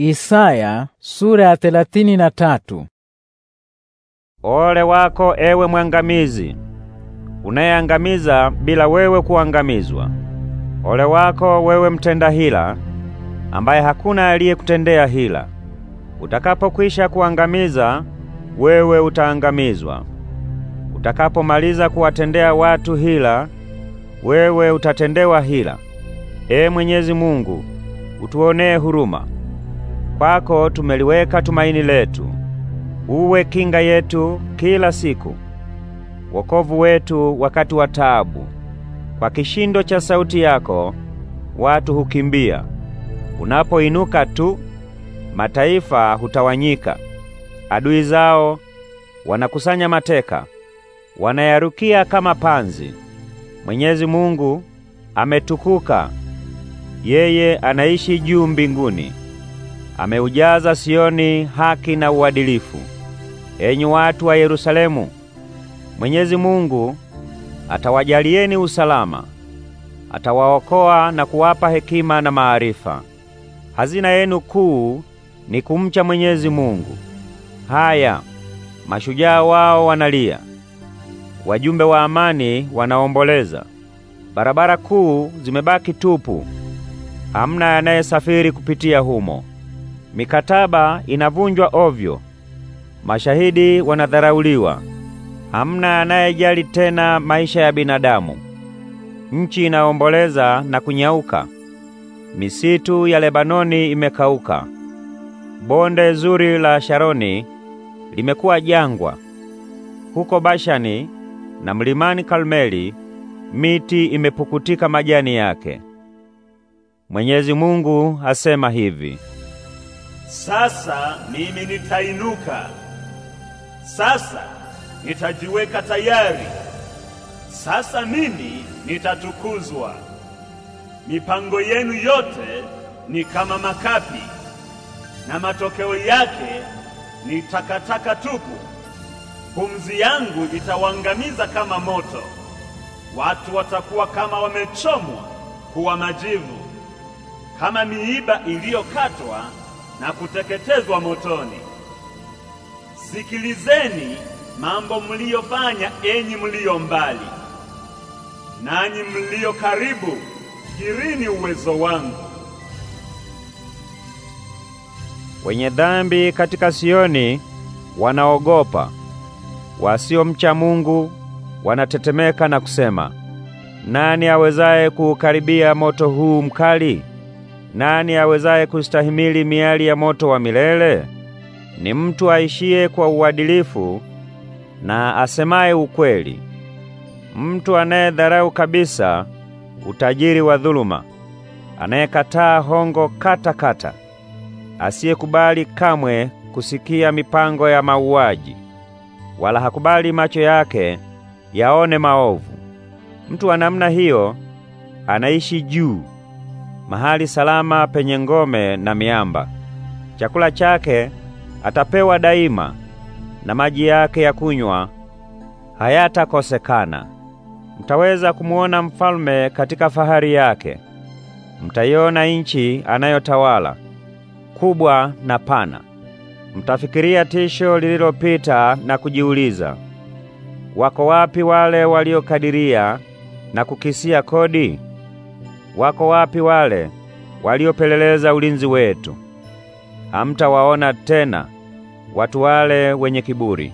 Isaya sura ya thelathini na tatu. Ole wako ewe mwangamizi, unayeangamiza bila wewe kuangamizwa. Ole wako wewe mtenda hila, ambaye hakuna aliyekutendea hila. Utakapokwisha kuangamiza, wewe utaangamizwa. Utakapomaliza kuwatendea watu hila, wewe utatendewa hila. Ee Mwenyezi Mungu, utuonee huruma kwako tumeliweka tumaini letu. Uwe kinga yetu kila siku, wokovu wetu wakati wa taabu. Kwa kishindo cha sauti yako watu hukimbia. Unapoinuka tu, mataifa hutawanyika. Adui zao wanakusanya mateka, wanayarukia kama panzi. Mwenyezi Mungu ametukuka, yeye anaishi juu mbinguni ameujaza Sioni haki na uadilifu. Enyi watu wa Yerusalemu, Mwenyezi Mungu atawajalieni usalama, atawaokoa na kuwapa hekima na maarifa. Hazina yenu kuu ni kumcha Mwenyezi Mungu. Haya, mashujaa wao wanalia, wajumbe wa amani wanaomboleza. Barabara kuu zimebaki tupu, hamna anayesafiri kupitia humo mikataba inavunjwa ovyo, mashahidi wanadharauliwa, hamna anayejali tena maisha ya binadamu. Nchi inaomboleza na kunyauka, misitu ya Lebanoni imekauka, bonde zuri la Sharoni limekuwa jangwa. Huko Bashani na mlimani Kalmeli miti imepukutika majani yake. Mwenyezi Mungu asema hivi: sasa mimi nitainuka, sasa nitajiweka tayari, sasa mimi nitatukuzwa. Mipango yenu yote ni kama makapi, na matokeo yake ni takataka tupu. Pumzi yangu itawangamiza kama moto. Watu watakuwa kama wamechomwa kuwa majivu, kama miiba iliyokatwa na kuteketezwa motoni. Sikilizeni mambo mliyofanya, enyi mlio mbali, nanyi mlio karibu, kirini uwezo wangu. Wenye dhambi katika Sioni wanaogopa, wasiomcha Mungu wanatetemeka na kusema, nani awezaye kuukaribia moto huu mkali? Nani awezaye kustahimili miali ya moto wa milele? Ni mtu aishiye kwa uadilifu na asemaye ukweli, mtu anayedharau kabisa utajiri wa dhuluma, anayekataa hongo kata kata, asiyekubali kamwe kusikia mipango ya mauaji, wala hakubali macho yake yaone maovu. Mtu wa namna hiyo anaishi juu mahali salama penye ngome na miamba. Chakula chake atapewa daima, na maji yake ya kunywa hayatakosekana. Mtaweza kumuona mfalme katika fahari yake. Mtaiona nchi anayotawala kubwa na pana. Mtafikiria tisho lililopita na kujiuliza, wako wapi wale waliokadiria na kukisia kodi? Wako wapi wale waliopeleleza ulinzi wetu? Hamtawaona tena watu wale wenye kiburi,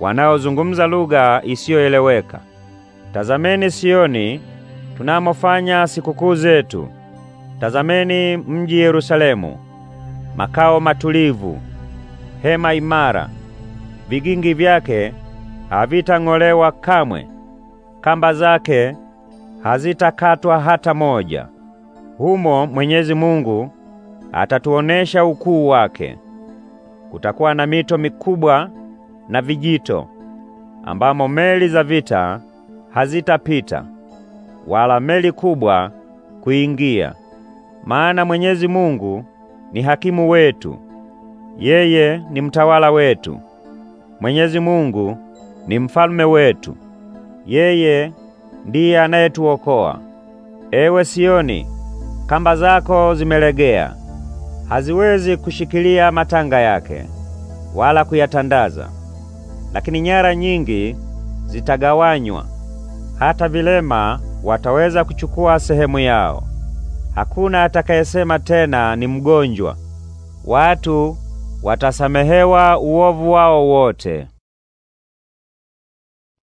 wanaozungumza lugha isiyoeleweka. Tazameni Sioni tunamofanya sikukuu zetu, tazameni mji Yerusalemu, makao matulivu, hema imara, vigingi vyake havitang'olewa kamwe, kamba zake hazitakatwa hata moja. Humo Mwenyezi Mungu atatuonesha ukuu wake. Kutakuwa na mito mikubwa na vijito ambamo meli za vita hazitapita wala meli kubwa kuingia, maana Mwenyezi Mungu ni hakimu wetu, yeye ni mtawala wetu. Mwenyezi Mungu ni mfalme wetu, yeye ndiye anayetuokoa. Ewe Sioni, kamba zako zimelegea, haziwezi kushikilia matanga yake wala kuyatandaza. Lakini nyara nyingi zitagawanywa, hata vilema wataweza kuchukua sehemu yao. Hakuna atakayesema tena ni mgonjwa. Watu watasamehewa uovu wao wote.